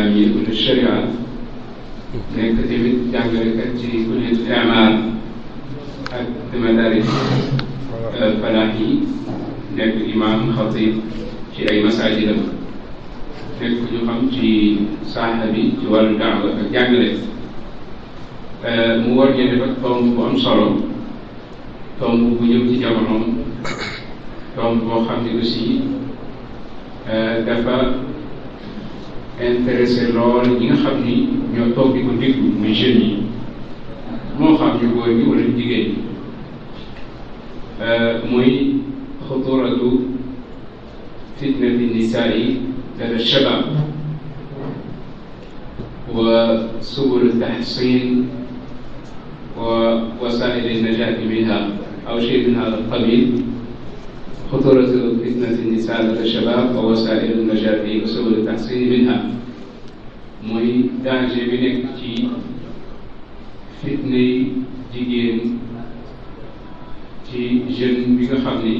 islam yi ulul sharia nekk tamit jàngalekat ci ulul imaar ak madaris falaax yi nekk imaam xatib ci ay masaajidam nekk ñu xam ci saaxa bi ci wàllu daawa ak jàngale mu war ñu def ak bu am solo tomb bu ñëw ci jamonoom tomb boo xam ne aussi dafa intéressé lool ñi nga xam ni ñoo toog di ko déglu muy jeunes yi moo xam ñu góor ñi wala jigéen ñi euh, muy xuturatu fitnati nisaai lada shabab wa subul taxsin wa wasail najati minha aw shay min hada alqabil خطورة فتنة النساء والشباب ووسائل النجاة وسبل التحصين منها mooy danger bi nekk ci fitna yi jigéen ci jeune bi nga xam ni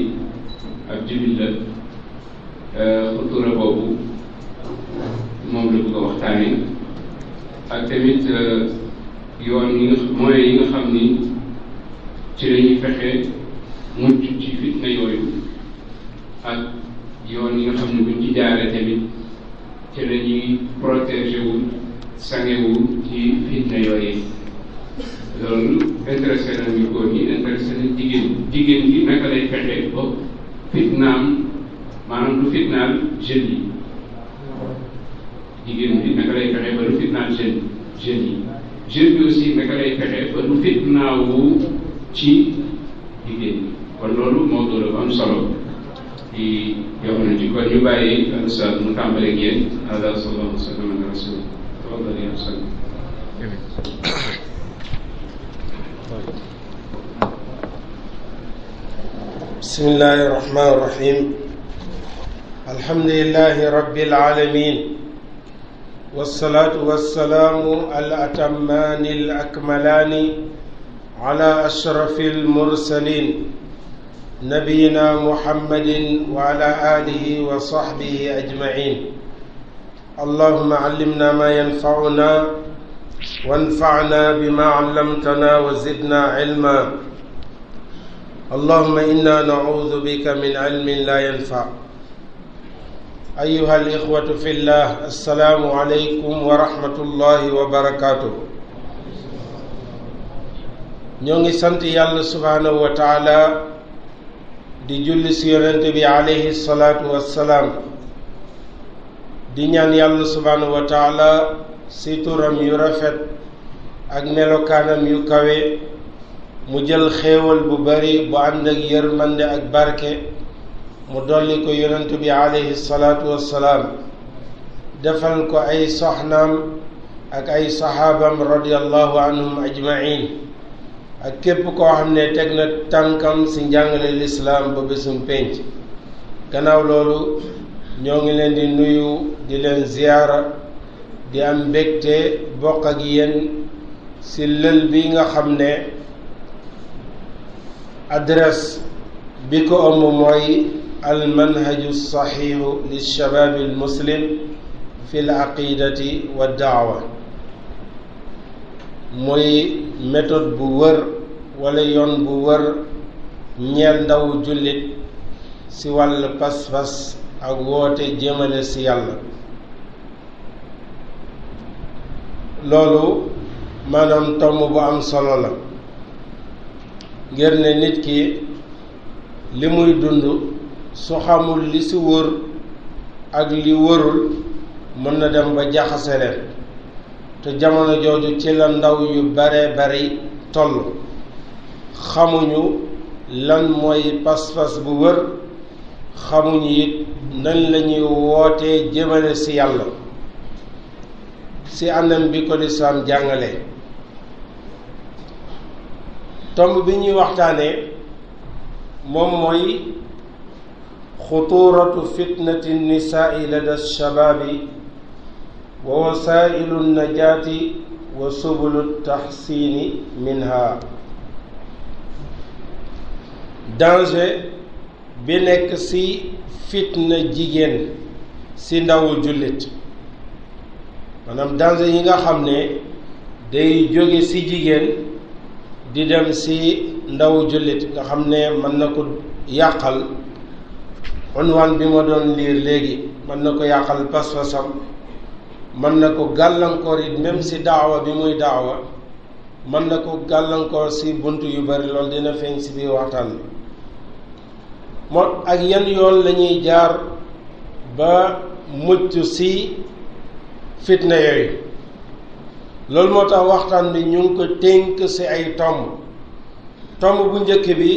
ak jullit la xutura boobu moom la bëgg a waxtaanee ak tamit yoon yi nga moyens yi nga xam ni ci lañuy fexe mucc ci fitna yooyu ak yoon yi nga xam ne buñ ci jaaree tamit ci la ñuy protégé wu sangewu ci fitna yooyu loolu intéressé na ñu góor ñi intéressé na jigéen jigéen gi naka lay fexe ba fitnaam maanaam du fitnaal jeunes yi jigéen bi naka lay fexe ba du fitnaal jeune jeunes yi jeune bi aussi naka lay fexe ba du fitnaawu ci jigéen bi kon loolu moo doon am ci jamono ji kon ñu bàyyi ustaas mu tàmbaleeg yéen ala sallallahu sallam ala rasul tafaddal ya ustaas بسم الله الرحمن الرحيم الحمد لله رب العالمين والصلاة والسلام الأتمان الأكملان على أشرف المرسلين نبينا محمد وعلى آله وصحبه أجمعين اللهم علمنا ما ينفعنا وانفعنا بما علمتنا وزدنا علما اللهم إنا نعوذ بك من علم لا ينفع أيها الإخوة في الله السلام عليكم ورحمة الله وبركاته ñoo ngi sant yàlla subhanahu wa taala di julli si yonent bi aleyhi salaatu wassalaam di ñaan yàlla subhaanahu wa taala si turam yu rafet ak melokaanam yu kawe mu jël xéewal bu bari bu ànd ak yërmande ak barke mu dolli ko yonent bi aleyhi salaatu wassalaam defal ko ay soxnaam ak ay saxaabam radiallahu anhum ajmain ak képp koo xam ne teg na tànkam si njàngale lislaam ba bésum pénc gannaaw loolu ñoo ngi leen di nuyu di leen ziyaara di am mbégte bokk ak yéen ci lël bi nga xam ne adresse bi ko ëmb mooy al manhaju saxiixu lilshabaabi almuslim fi l wa daawa muy méthode bu wër wala yoon bu wër ñeel ndaw jullit ci wàll pas-pas ak woote jëmale ci yàlla loolu maanaam tomb bu am solo la ngir ne nit ki li muy dund su xamul li ci wër ak li wërul mën na dem ba jaxase leen te jamono jooju ci la ndaw yu bare bari toll xamuñu lan mooy pas-pas bu wër xamuñu it nan lañuy wootee jëmale ci yàlla ci anam bi ko lislaam jàngale tomb bi ñuy waxtaanee moom mooy xutuuratu fitnati nisaai lada shababi wa wasailu najaati wa subulu taxsini minha danger bi nekk ci fitna jigéen ci ndawu jullit maanaam danger yi nga xam ne day jóge ci jigéen di dem ci ndawu jullit nga xam ne mën na ko yàqal unwaan bi ma doon liir léegi mën na ko yàqal pas-pasam mën na ko gàllankoor it même ci daawa bi muy daawa mën na ko gàllankoor si bunt yu bari loolu dina feeñ si biir waxtaan bi moo ak yan yoon la ñuy jaar ba mucc si fitna yooyu loolu moo tax waxtaan bi ñu ngi ko tënk si ay tomb tomb bu njëkk bi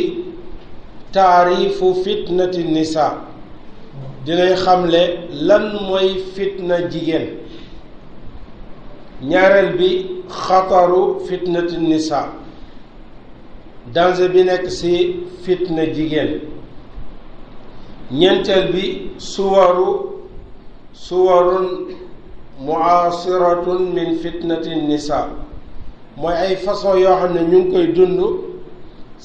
taarifu fitnati nisa dinay xamle lan mooy fitna jigéen ñaareel bi xataru fitnati nisa danger bi nekk ci fitna jigéen ñeenteel bi suwaru suwarun muasiratun min fitnati nisa mooy ay façon yoo xam ne ñu ngi koy dund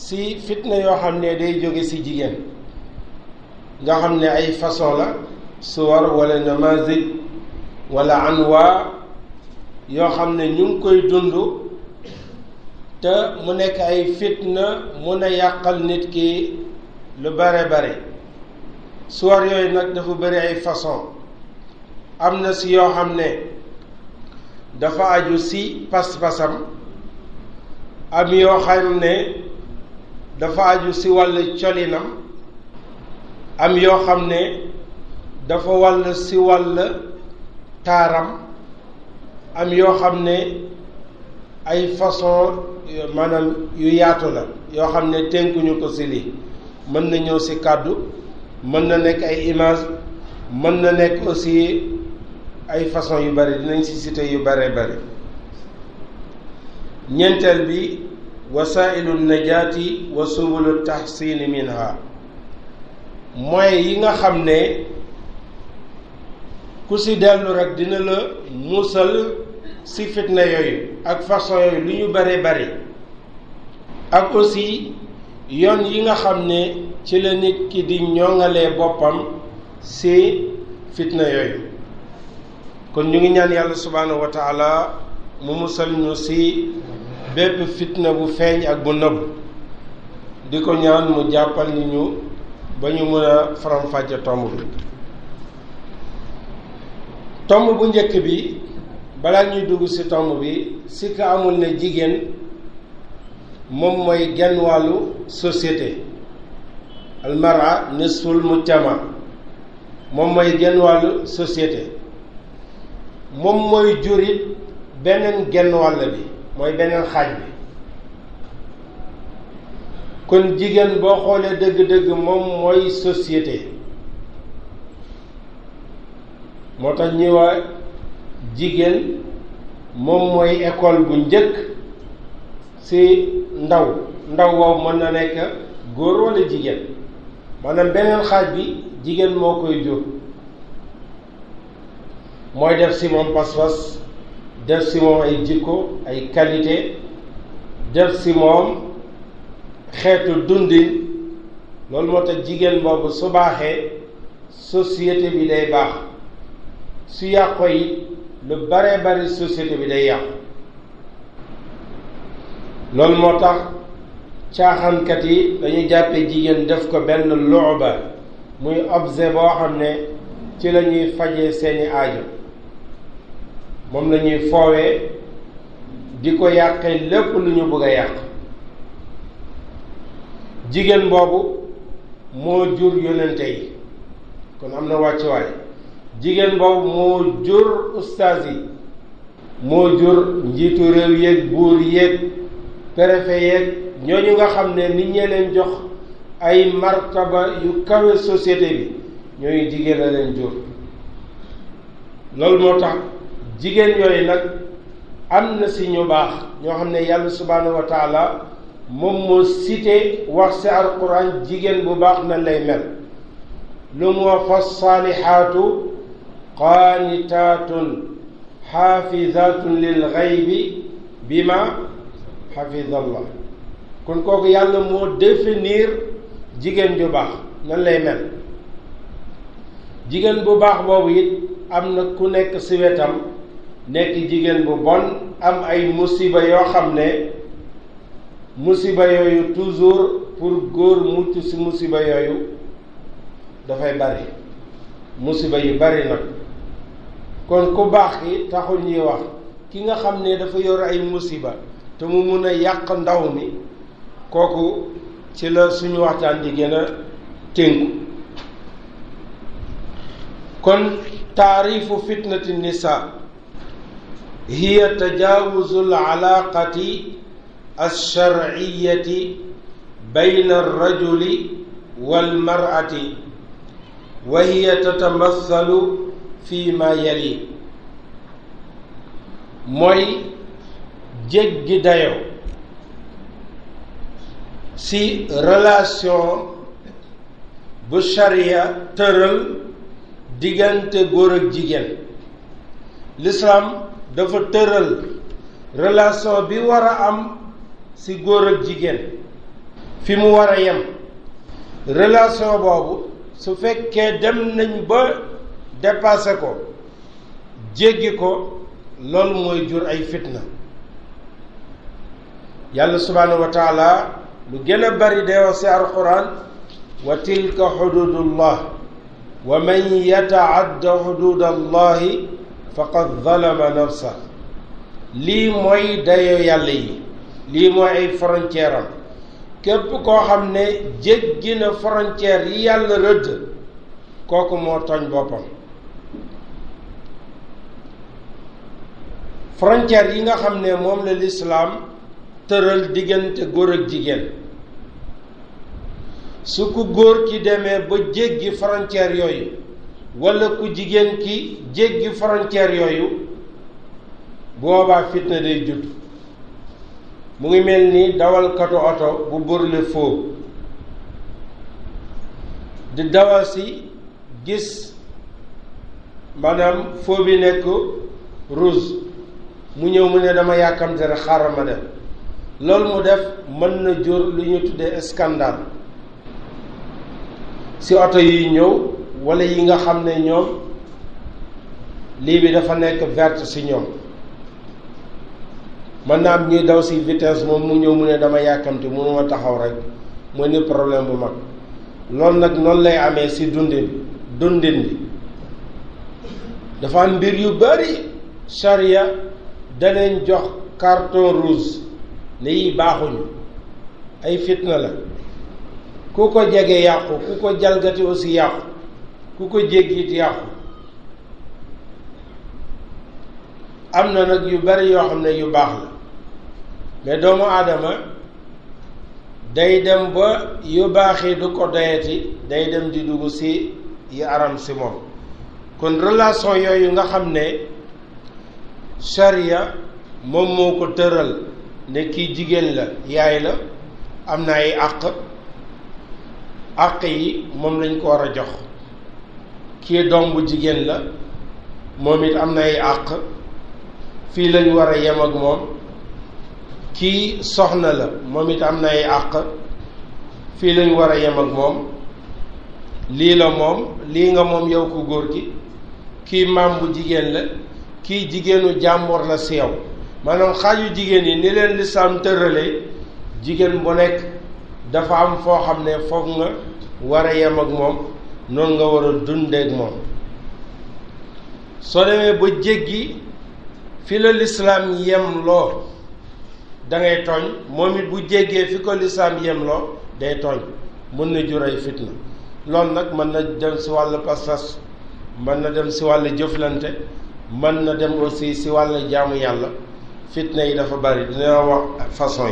ci fitna yoo xam ne day jóge ci jigéen nga xam ne ay façon la suwar wala namazij wala anwa yoo xam ne ñu ngi koy dund te mu nekk ay fitna mun a yàqal nit ki lu bare bare soir yooyu nag dafa bare ay façon am na si yoo xam ne dafa aju si pas-pasam am yoo xam ne dafa aju si wàll colinam am yoo xam ne dafa wàll si wàll taaram am yoo xam ne ay façon maanaam yu yaatu la yoo xam ne tënkuñu ko ci lii mën na ñëw ci kàddu mën na nekk ay image mën na nekk aussi ay façon yu bari dinañ ci cité yu bare bari ñeenteel bi wasailu najaati wa subulu tahsini minha moyens yi nga xam ne ku si dellu rek dina la musal si fitna yooyu ak façon yooyu lu ñu bare bari ak aussi yoon yi nga xam ni ci la nit ki di ñoŋalee boppam si fitna yooyu kon ñu ngi ñaan yàlla subhaanahu wa mu musal ñu si bépp fitna bu feeñ ak bu nëbb di ko ñaan mu jàppal ni ñu ba ñu mën a faram tomb bi tomb bu njëkk bi bala ñuy dugg ci tomb bi si ka amul ne jigéen moom mooy genn wàllu société almara nisful mujtama moom mooy genn wàllu société moom mooy jurit beneen genn bi mooy beneen xaaj bi kon jigéen boo xoolee dëgg-dëgg moom mooy société moo tax ñuy wax jigéen moom mooy école bu njëkk si ndaw ndaw wow mën na nekk góor walla jigéen maanaam beneen xaaj bi jigéen moo koy jur mooy def si moom pas-pas def si moom ay jikko ay qualité def si moom xeetu dundin loolu moo tax jigéen boobu su baaxee société bi day baax su yàqo yi lu baree bari société bi day yàqu loolu moo tax caaxaankat yi dañuy jàppee jigéen def ko benn looba muy objet boo xam ne ci la ñuy fajee seeni aajo moom lañuy ñuy foowee di ko yàqee lépp lu ñu bëgg yàq jigéen boobu moo jur yonente yi kon am na wàccuwaay jigéen boobu moo jur ustaas moo jur njiitu réew yeeg buur yeeg préfet yeeg ñooñu nga xam ne nit ñee leen jox ay martaba yu kawe société bi ñooñu jigéen a leen jur loolu moo tax jigéen yooyu nag am na si ñu baax ñoo xam ne yàlla subhaanahu wa taala moom moo cité wax si alquran jigéen bu baax nan lay mel lu mu wax fa qaanitaatun xaafizaatun lil xaybi bima xafizallah kon kooku yàlla moo définir jigéen ju baax nan lay mel jigéen bu baax boobu it am na ku nekk si wetam nekk jigéen bu bon am ay musiba yoo xam ne musiba yooyu toujours pour góor mucc si musiba yooyu dafay bari musiba yu bari nag kon ku baax ki taxul ñuy wax ki nga xam ne dafa yor ay musiba te mu mun yàq ndaw mi kooku ci la suñu waxtaan di gën a tënku kon taarifu fitnati nisaa hiya tajawuzu al alaaqati alsharciyati bayna alrajuli walmarati wa hiya tatamathalu fii ma yali mooy jéggi dayo si relation bu charia tëral diggante góor ak jigéen l'islam dafa tëral relation bi war a am ci góor ak jigéen fi mu war a yem relation boobu su fekkee dem nañ ba dépassé ko jéggi ko loolu mooy jur ay fitna yàlla subhaanahu wa lu gën a bari day wax si wa tilka xududullah wa man yataadda xudud allahi faqad zalama nafsa lii mooy dayoo yàlla yi lii mooy ay frontière képp koo xam ne jéggi na frontière yi yàlla rëdd kooku moo tooñ boppam frontière yi nga xam ne moom la lislaam tëral diggante góor ak jigéen su ku góor ki demee ba jéggi frontière yooyu walla ku jigéen ki jéggi frontière yooyu boobaa fitna day judd mu ngi mel ni dawalkatu oto bu burle foo di dawal si gis maanaam foo bi nekk rose mu ñëw mu ne dama yàkkamte rek xaaral ma dem loolu mu def mën na jur lu ñu tuddee scandale si oto yi ñëw walla yi nga xam ne ñoom lii bi dafa nekk vert si ñoom mën naa am ñuy daw si vitesse moom mu ñëw mu ne dama yàkkamte mënuma taxaw rek mooy ni problème bu mag loolu nag noonu lay amee si dundin dundin bi dafa am mbir yu bari charia danañ jox carton rouge ne yi baaxuñu ay fitna la ku ko jege yàqu ku ko jalgati aussi yàqu ku ko jéggit yàqu am na nag yu bari yoo xam ne yu baax la mais doomu aadama day dem ba yu baax yi du ko doyati day dem di dugg si yi aram si moom kon relation yooyu nga xam ne charia moom moo ko tëral ne kii jigéen la yaay la am na ay àq àq yi moom lañ ko war a jox kii doom bu jigéen la moom it am na ay àq fii lañ war a yem ak moom soxna la moom it am na ay àq fii lañ war a yem ak lii la moom lii nga moom yow ko góor gi kii maam bu jigéen la kii jigéenu jàmboor la si yow maanaam xaaju jigéen yi ni leen lislaam tërale jigéen bu nekk dafa am foo xam ne foofu nga war a yem ak moom noonu nga war a dundee moom soo demee ba jéggi fi la lislaam yem loo da ngay tooñ moom it bu jéggee fi ko lislaam yem loo day tooñ mën na jur ay fitna loolu nag mën na dem si wàll pas mën na dem si wàll jëflante mën na dem aussi si wàll jaamu yàlla fitna yi dafa bari dina wax façon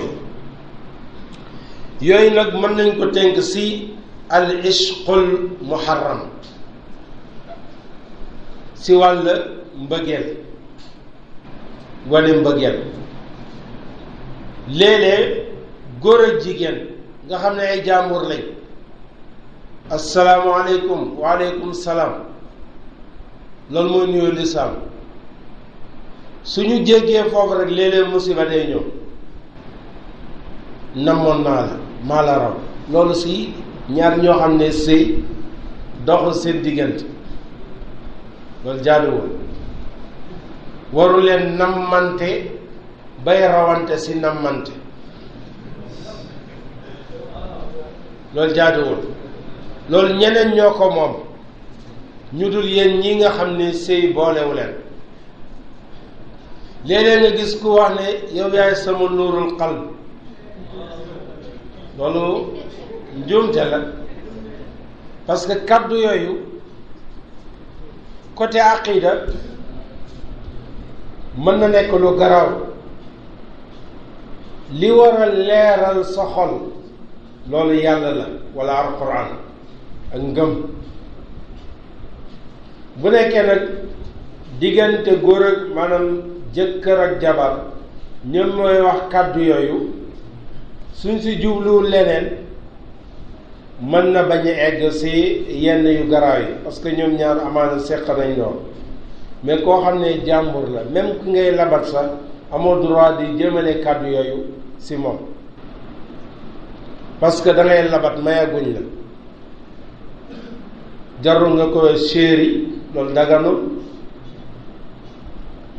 yi yooyu nag mën nañ ko tënk si al ishqul muharram si wàll mbëggeel wane mbëggeel léeg-léeg góor ak jigéen nga xam ne ay jaambur lañ asalaamaaleykum waaleykum salaam loolu mooy nuyoo lislaam suñu jéggee foofu rek léeg-léeg musiba day ñëw namoon naa la maa la raw loolu si ñaar ñoo xam ne sëy doxul seen diggante loolu jaaduwul waru leen bay rawante si nammante loolu jaaduwul loolu ñeneen ñoo ko moom ñu dul yéen ñi nga xam ne sëy boolewu leen léeg-léeg nga gis ku wax ne yow yaay sama nuurul qalb loolu njuumte la parce que kaddu yooyu côté aqida mën na nekk lu garaw li war a leeral sa xol loolu yàlla la wala alquran ak ngëm bu nekkee nag diggante góor ak maanaam jëkkër ak jabar ñoom mooy wax kàddu yooyu suñ si jubluwul leneen mën na bañ a egg si yenn yu garaaw yi parce que ñoom ñaar amaana seq nañ lool mais koo xam ne jàmbur la même ki ngay labat sax amoo droit di jëmale kàddu yooyu si moom parce que da ngay labat mayaguñ la jarul nga ko chéri loolu daganul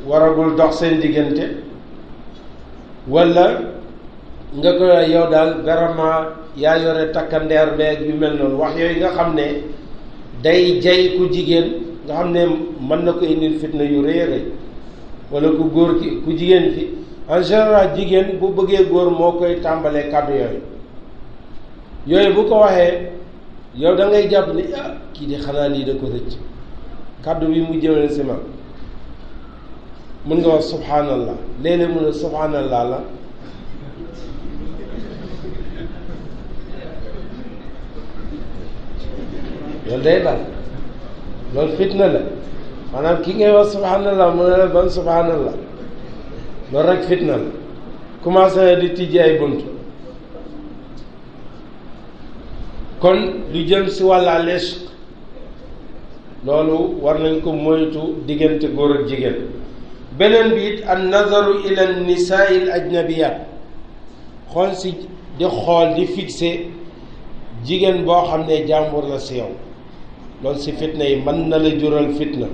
waragul dox seen diggante wala nga ko yow daal vraiment yaa yore takkandeer beeg yu mel noonu wax yooyu nga xam ne day jay ku jigéen nga xam ne mën na ko indil fitna yu rëy rëy wala ku góor ki ku jigéen ki en jigéen bu bëggee góor moo koy tàmbalee kàddu yooyu yooyu bu ko waxee yow dangay ngay jàpp ni ah kii di xanaa lii da ko rëcc kàddu bi mu jëmale si man mun nga wax subhanallah léeg-léeg mu ne subhanallah la loolu day dal loolu fitna la maanaam ki ngay wax subhanallah mu ne la ban subhanallah loolu rek fitna la commencé na di tijji ay bunt kon lu jëm si wàlla lees loolu war nañ ko moytu diggante góor ak jigéen beneen bi it an nazaru ila nisaai l ajnabiyat xool si di xool di fixé jigéen boo xam ne jàmbur la si yow loolu ci fitna yi mën na la jural fitna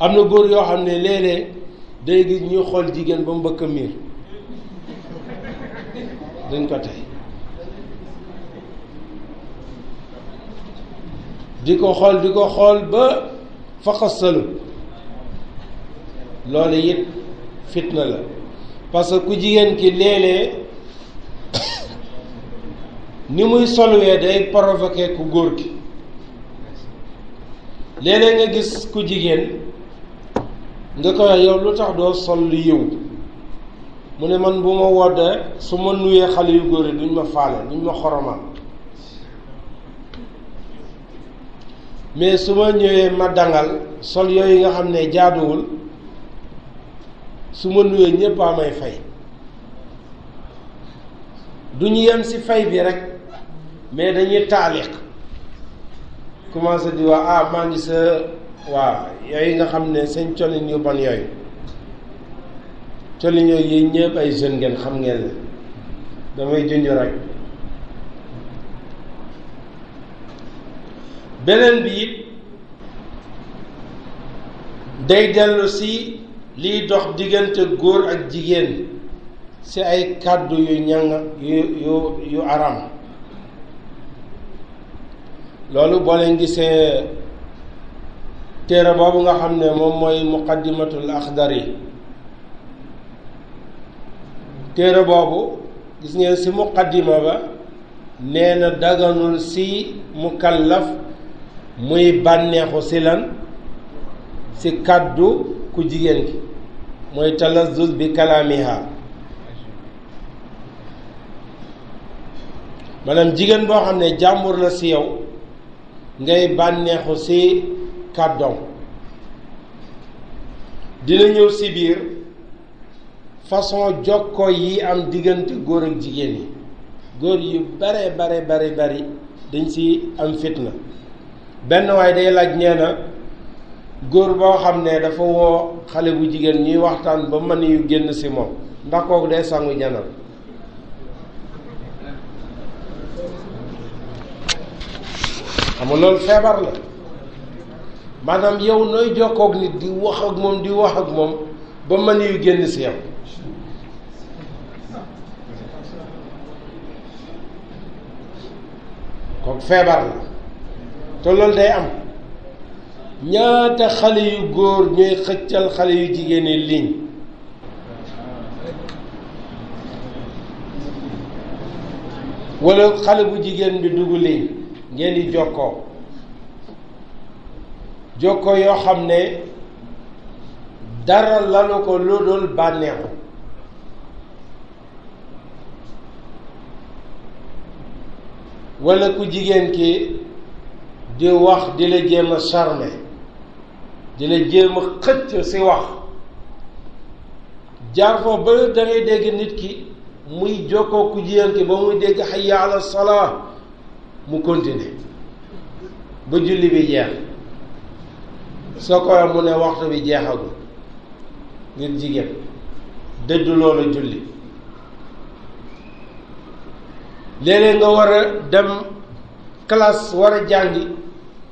am na góor yoo xam ne léeg-léeg day gis ñuy xool jigéen ba mu bëkk miir duñ ko tey di ko xool di ko xool ba faqasalu loolu it fitna la parce que ku jigéen ki léeg ni muy solwee day provoqué ku góor gi léeg nga gis ku jigéen nga ko yow lu tax doo sol lu yiw mu ne man bu ma woddee su ma nuyee xale yu góor yi duñ ma faale duñ ma xoromal mais su ma ñëwee ma dangal sol yooyu nga xam ne jaaduwul su ma nuwee ñépp a may fay du ñu yem si fay bi rek mais dañuy taaliq commencé di wax ah maa ngi sa waaw yooyu nga xam ne seen colin yu bon yooyu colin yooyu yéen ay jeunes ngeen xam ngeen damay junj rek beneen bii it day dellu si liy dox diggante góor ak jigéen ci ay kàddu yu ñanga yu yu yu aram loolu boo leen gisee téere boobu nga xam ne moom mooy muqaddimatul axdari téere boobu gis ngeen si muqaddima ba nee na daganul si mukallaf muy bànneexu si lan si kàddu ku jigéen ki mooy talazzuz bi kalaamiha maanaam jigéen boo xam ne jàmbur la si yow ngay bànneexu ci kàddoom dina ñëw si biir façon jokko yi am diggante góor ak jigéen yi góor yu bare bare bare bari dañ ci am fitna benn waaye day laaj nee na góor boo xam ne dafa woo xale bu jigéen ñuy waxtaan ba mën yu génn si moom ndax kooku day sangu janal xam nga feebar la maanaam yow nooy jokkoog nit di wax ak moom di wax ak moom ba mën yu génn si yow kooku feebar la te loolu day am ñaata xale yu góor ñooy xëccal xale yu jigéen ñi ligne wala xale bu jigéen bi dugg ligne ngeen di jokkoo jokkoo yoo xam ne dara lalu ko lu dul bànneexu wala ku jigéen ki di wax di la jéem a charmer xëcc si wax jaar foofu ba da ngay dégg nit ki muy jokkoo ku ki ba muy dégg hayya ala salaa mu continuer ba julli bi jeex soo koy mu ne waxtu bi jeexagul ngir jigéen dëddu loolu julli léeg nga war a dem classe war a jàngi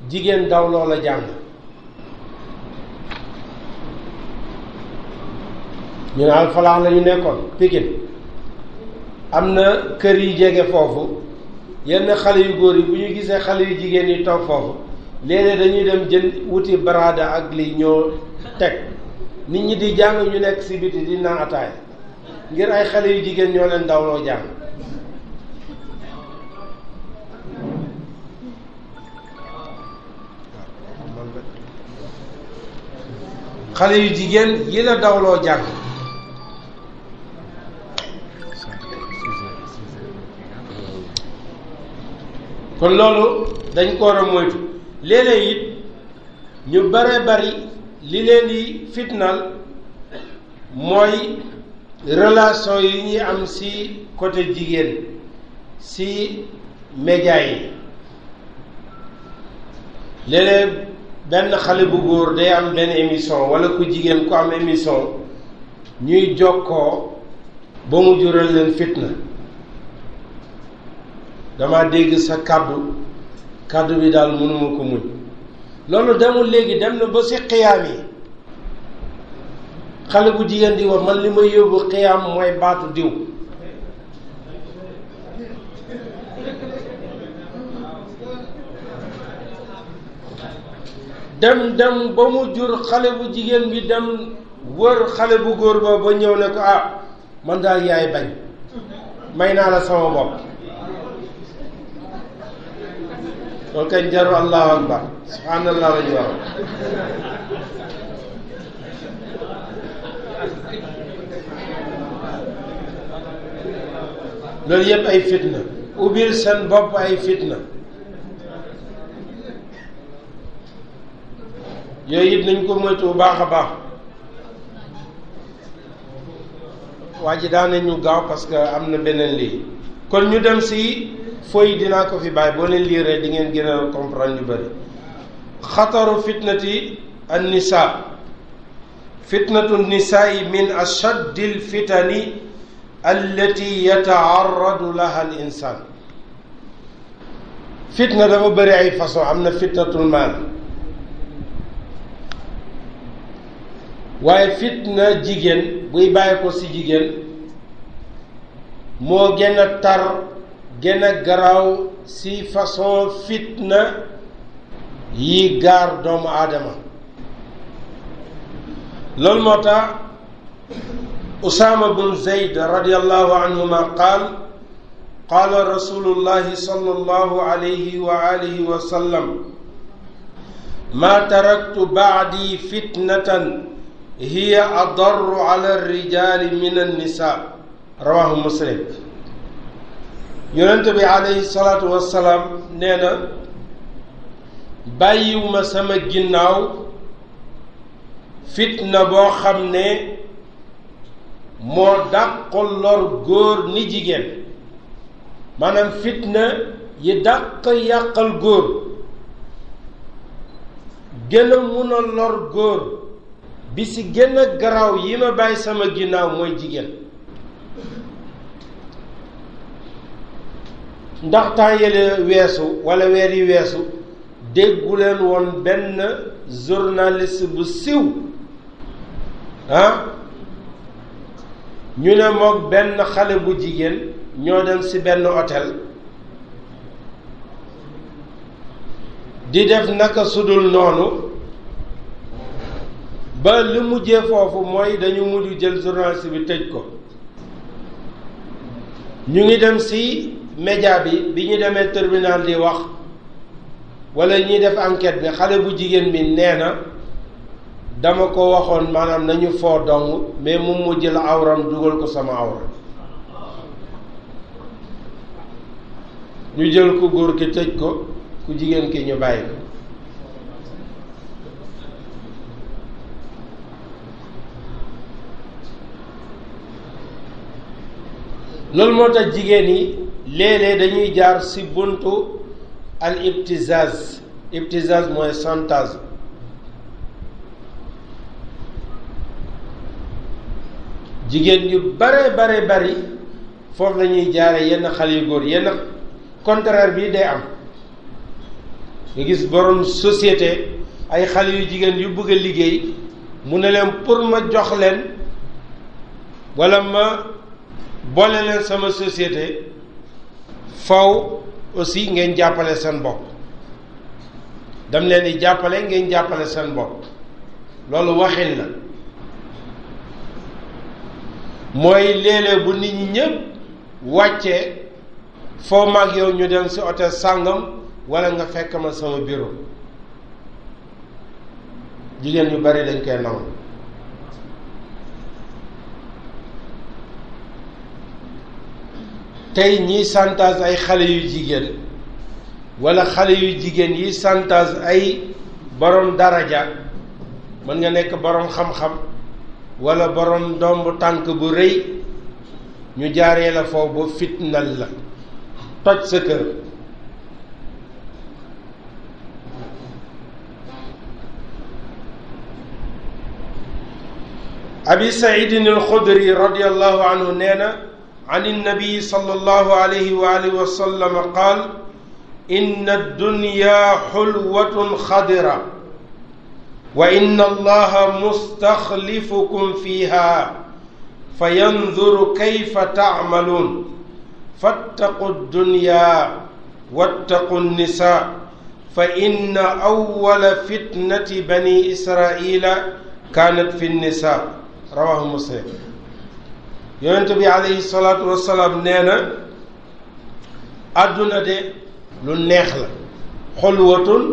jigéen dawloo la jàng ñu ne alfalaax la ñu nekkoon Pikin am na kër yi jege foofu yenn xale yu góor yi bu ñu gisee xale yu jigéen yi toog foofu léeg dañuy dem jënd wuti baraada ak li ñoo teg nit ñi di jàng ñu nekk ci biti di naan ataay ngir ay xale yu jigéen ñoo leen dawloo jàng xale yu jigéen yi la dawloo jàng kon loolu dañ ko war a moytu léeg ñu bare bari li leen di fitnaal mooy relation yi ñuy am ci côté jigéen ci média yi léeg benn xale bu góor day am benn émission wala ku jigéen ku am émission ñuy jokkoo ba mu jural leen fitna dama dégg sa kàddu kàddu bi daal mënuma ko muñ loolu demul léegi dem na ba si xiyaam yi xale bu jigéen di wax man li ma yóbbu xiyaam mooy baatu diw dem dem ba mu jur xale bu jigéen bi dem wër xale bu góor ba ba ñëw ne ko ah man daal yaay bañ may naa la sama bopp loolu kañ jaru allahu akbar subhanallah la ñu wax loolu yëpp ay fitna ubbil seen bopp ay fitna yooyu it nañ ko moytu bu baax a baax waa ji daane ñu gaaw parce que am na beneen lii kon ñu dem si fooy dinaa ko fi bàyyi boo leen liiree di ngeen gën a comprendre ñu bëri xataru fitnati an nisaa fitnatu nisaai min ashaddi l fitani allati yataarradu laha al fitna ay façon am na fitnatul maal waaye fitna jigéen buy bàyyi ko si jigéen moo gën a tar gën a garaaw ci façon fitna yi gaar doomu aadama lool moo tax Usaama bun Zayd radiyallahu anhuma qaal qaala rasulullahi sallallahu alayhi wa sallam maa taraktu baadi fitnatan hiya adarru ala rijaali min annisa rawahu muslim yonent bi alayhi salaatu wassalaam nee na bàyyiwuma sama ginnaaw fitna boo xam ne moo dàq lor góor ni jigéen maanaam fitna yi dàq yàqal góor gën a mun lor góor bi ci gën a garaaw yi ma bàyyi sama ginnaaw mooy jigéen ndax weesu wala weer yi weesu dégguleen leen woon benn journaliste bu siiw ah ñu ne moom benn xale bu jigéen ñoo dem ci benn hôtel di def naka sudul noonu ba li mujjee foofu mooy dañu mujj jël journaliste bi tëj ko ñu ngi dem si média bi bi ñu demee tribunal di wax wala ñuy def enquête bi xale bu jigéen bi nee na dama ko waxoon maanaam nañu foo dong mais moom mu jël awram dugal ko sama awra ñu jël ku góor ki tëj ko ku jigéen ki ñu bàyyi ko loolu moo tax jigéen yi léeg-léeg dañuy jaar ci buntu al ibtizaz ibtizaz mooy chantage jigéen yu bare bare bari foofu lañuy jaare yenn xale yu góor yenn contraire bi day am nga gis borom société ay xale yu jigéen yu bëgg liggéey mu ne leen pour ma jox leen walla ma boole leen sama societé faw aussi ngeen jàppale seen bopp dam leen di jàppale ngeen jàppale seen bopp loolu waxin la mooy léeg bu nit ñi ñëpp wàccee foo mag yow ñu dem ci hôtel sàngam walla nga fekk ma sama bureau jigéen ñu bari lañ koy nangu tey ñiy chantage ay xale yu jigéen wala xale yu jigéen yi chantage ay borom daraja mën nga nekk boroom xam-xam wala borom ndomb tànk bu rëy ñu jaaree la foofu ba fitnal la toj sa kër abi saidin alxudri nee na عن النبي صلى الله عليه وآله وسلم قال إن الدنيا حلوة خضرة وإن الله مستخلفكم فيها فينظر كيف تعملون فاتقوا الدنيا واتقوا النساء فإن أول فتنة بني إسرائيل كانت في النساء رواه مسلم yonent bi alayhi salaatu wasalaam nee na àdduna de lu neex la xolwatun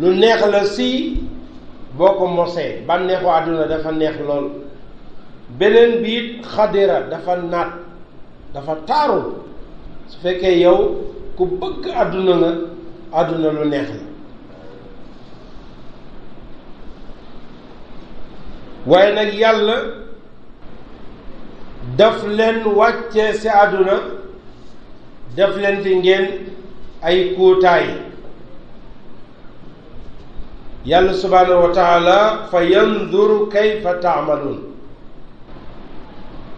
lu neex la si boo ko mosee bànneexu àdduna dafa neex lool beneen biit xadira dafa naat dafa taarul su fekkee yow ku bëgg àdduna nga àdduna lu neex la waaye nag yàlla daf leen wàcce ci àdduna daf leen ti ngeen ay kuutaay yàlla subhaanahu wa taala fa yanzuru kayfa taamaluun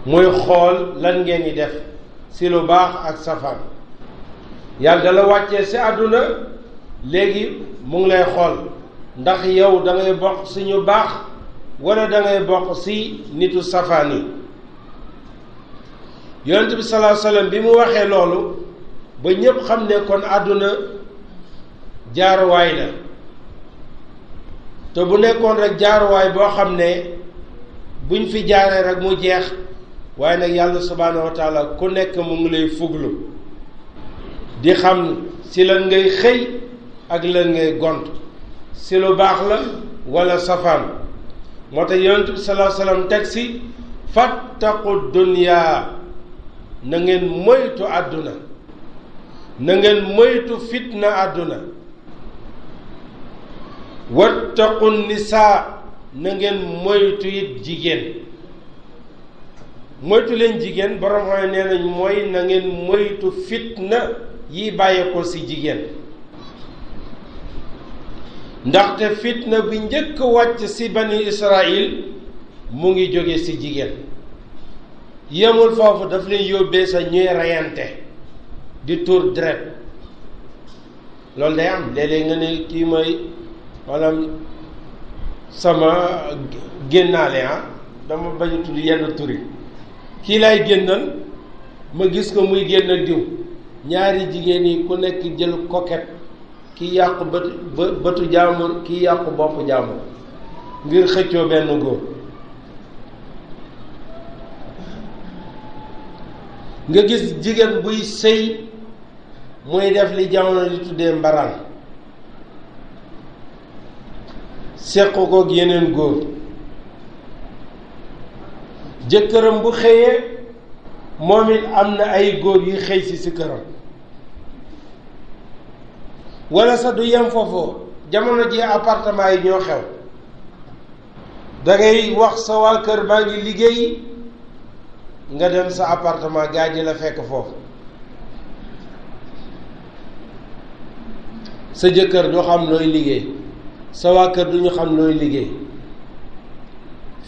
xool lan ngeen di def ci lu baax ak safaan yàlla dala wàccee si àdduna léegi mu ngi lay xool ndax yow da bokk si ñu baax wala da ngay bokk si nitu safaan yi yonent bi salaa sallam bi mu waxee loolu ba ñépp xam ne kon àdduna jaaruwaay la te bu nekkoon rek jaaruwaay boo xam ne buñ fi jaaree rek mu jeex waaye nag yàlla subhaanahu wa taala ku nekk mu ngi lay fuglu di xam si lan ngay xëy ak lan ngay gont si lu baax la wala safaan moo tax yonent bi salaa sallam teg si fattaqu dunya nangeen ngeen moytu àdduna na ngeen moytu fitna àdduna wattaqu nisaa na ngeen moytu it jigéen moytu leen jigéen borom xam nee nañ moytu fitna yi bàyyeekoo ci jigéen ndaxte fitna bi njëkk wàcc ci bani Israil mu ngi jóge ci jigéen yemul foofu daf lay yóbbee sa ñuy reyante di tuur dret loolu day am léeg-léeg nga ne kii mooy maanaam sama génnaale ah dama bañ tudd yenn turi kii lay génnal ma gis ko muy génn diw ñaari jigéen yi ku nekk jël coquette kii yàqu bët bëtu jaamur kii yàqu bopp jàmm ngir xëccoo benn góor nga gis jigéen buy sëy muy def li jamono di tuddee mbaraan seq koog yeneen góor jëkkëram bu xëyee moom it am na ay góor yu xëy ci si këram wala sa du yem foofu jamono ji appartement yi ñoo xew da wax sa waa kër maa ngi liggéey nga dem sa apartement gaa ji la fekk foofu sa jëkkër du xam looy liggéey sa waa kër duñu xam looy liggéey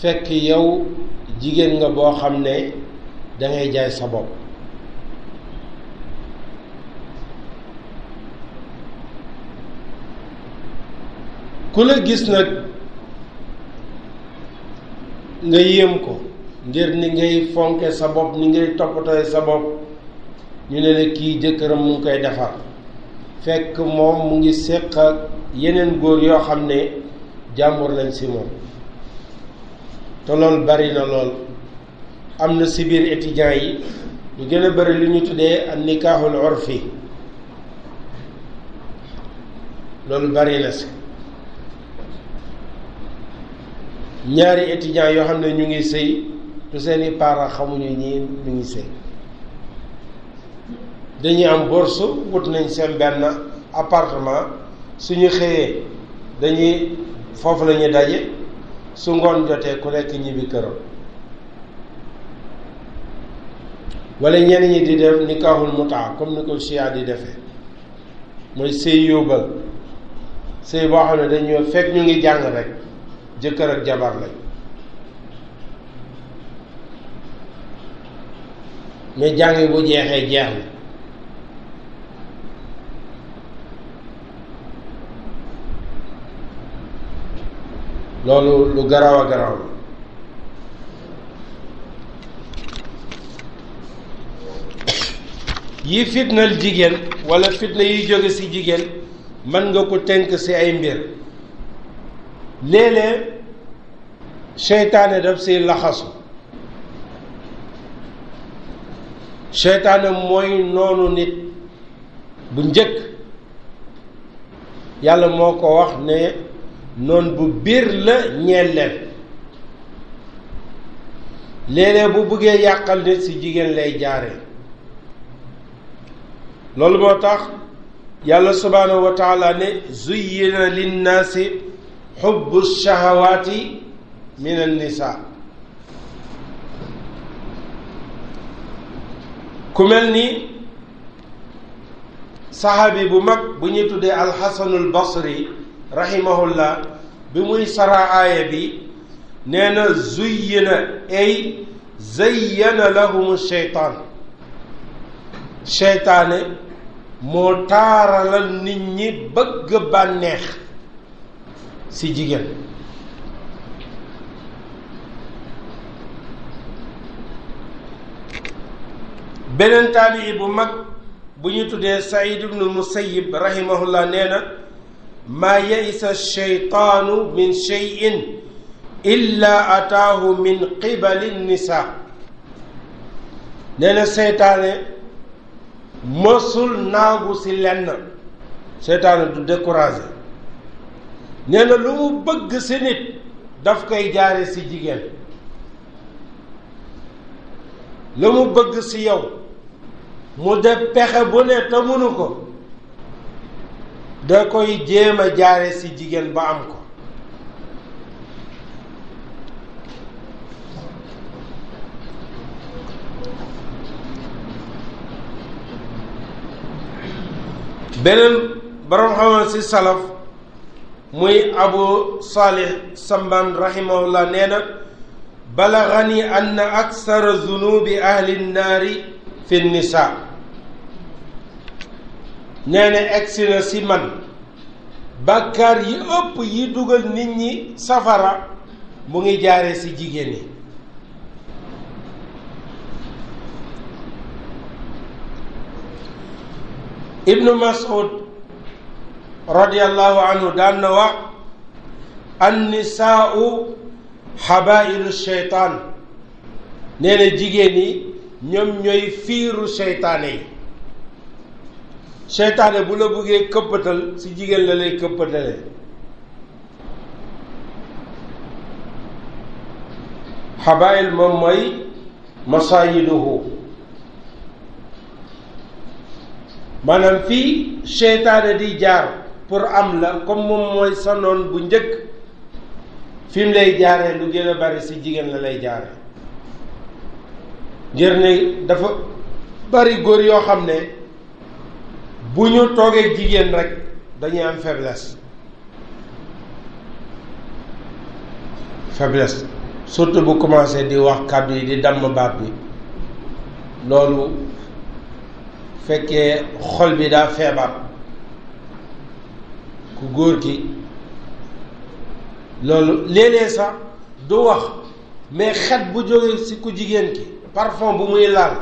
fekk yow jigéen nga boo xam ne dangay jaay sa bopp ku la gis nag nga yéem ko ngir ni ngay fonke sa bopp ni ngay toppatoo sa bopp ñu ne la kii jëkkëram mu ngi koy defar fekk moom mu ngi séq ak yeneen góor yoo xam ne jàmbur lañ si moom te loolu bari na lool am na si biir étudiants yi ñu gën a bari li ñu tuddee an nikaahul urfi loolu bari la si ñaari étudiants yoo xam ne ñu ngi sëy te seeni parents xamuñu ñi ñu ngi sëy dañuy am bourse wut nañ seen benn appartement suñu xëyee dañuy foofu lañuy ñuy daje su ngoon jotee ku nekk ñibbi këram wala ñenn ñi di def nikaaxul mutaa comme ni ko chia di defee mooy sëy yóbbal sëy boo xam ne dañoo fekk ñu ngi jàng rek jëkkër ak jabar lañ mais jàng bu jeexee jeex na loolu lu garaw a garaw la yi fitnal jigéen walla fitna yi jóge ci jigéen mën nga ko tënk ci ay mbir léeg-léeg seytaane daf ci laxasu seytaane mooy noonu nit bu njëkk yàlla moo ko wax ne noon bu biir la ñeel leen bu bëggee yàqal nit ci jigéen lay jaare loolu moo tax yàlla subhaanahu wa taala ne zuyyina linnaasi xubbu shahawaati min ku mel ni saxaabi bu mag bu ñuy tuddee alxasanul basri rahimahullah bi muy sara aaya bi nee na zuyyina ay zayyana lahum moo taaralal nit ñi bëgg bànneex si jigéen beneen taabii bu mag bu ñu tuddee said ibnu musayib rahimahullah nee na maa yaisa sheytaanu min cheyin illa ataahu min qibali nisa nee na seytaane mosul naagu si lenn seytaane du découragé nee na lu mu bëgg si nit daf koy jaare si jigéen lu mu bëgg si yow mu def pexe bu ne te ko da koy jéem a jaare ci jigéen ba am ko beneen boroom xamal ci salaf muy abu salih samban rahimahullah nee na balaxani anna aksara zunubi ahli nnaari fi nisa nee na egsi na si man bàkkaar yi ëpp yi dugal nit ñi safara mu ngi jaare ci jigéen ñi ibnu mas'ud radiallahu anhu daan na wax an nisaau xabailu sheytaan nee na jigéen ñi ñoom ñooy fiiru seytaane yi seytaane bu la buggee këppatal si jigéen la lay këppatale xabaayil moom mooy masaayiduhu maanaam fii seytaane di jaar pour am la comme moom mooy sa noon bu njëkk fi mu lay jaaree lu gën a bari si jigéen la lay jaare ngir ne dafa bari góor yoo xam ne bu ñu toogee jigéen rek dañuy am faiblesse faiblesse surtout bu commencé di wax kàddu yi di damm baat bi loolu fekkee xol bi daa feebar ku góor ki loolu léeg-léeg sax du wax mais xet bu jógee ci ku jigéen ki parfum bu muy laal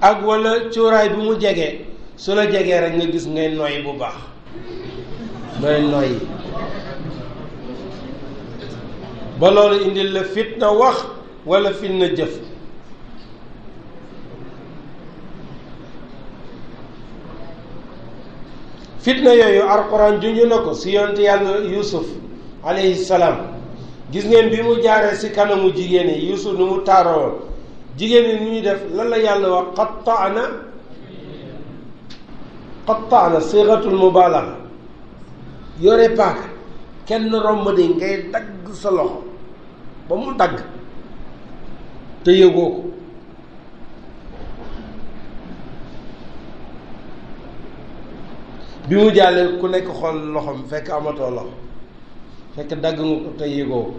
ak wala cuuraay bu mu jege su la jegee rek nga gis ngay noyyi bu baax ngay noyyi ba loolu indil la fitna wax wala fitna jëf fitna yooyu alquran junj na ko si yonte yàlla yusuf alayhi salaam gis ngeen bi mu jaaree si kanamu jigéen yi Yuusuf nu mu taaroon jigéen yi nu ñuy def lan la yàlla wax qattaana qattaana siixatul mubaalaga yore paaka kenn romb de ngay dagg sa loxo ba mu dagg te yëgoo ko bi mu jàllee ku nekk xol loxo mu fekk amatoo loxo fekk dagg nga ko te yëgoo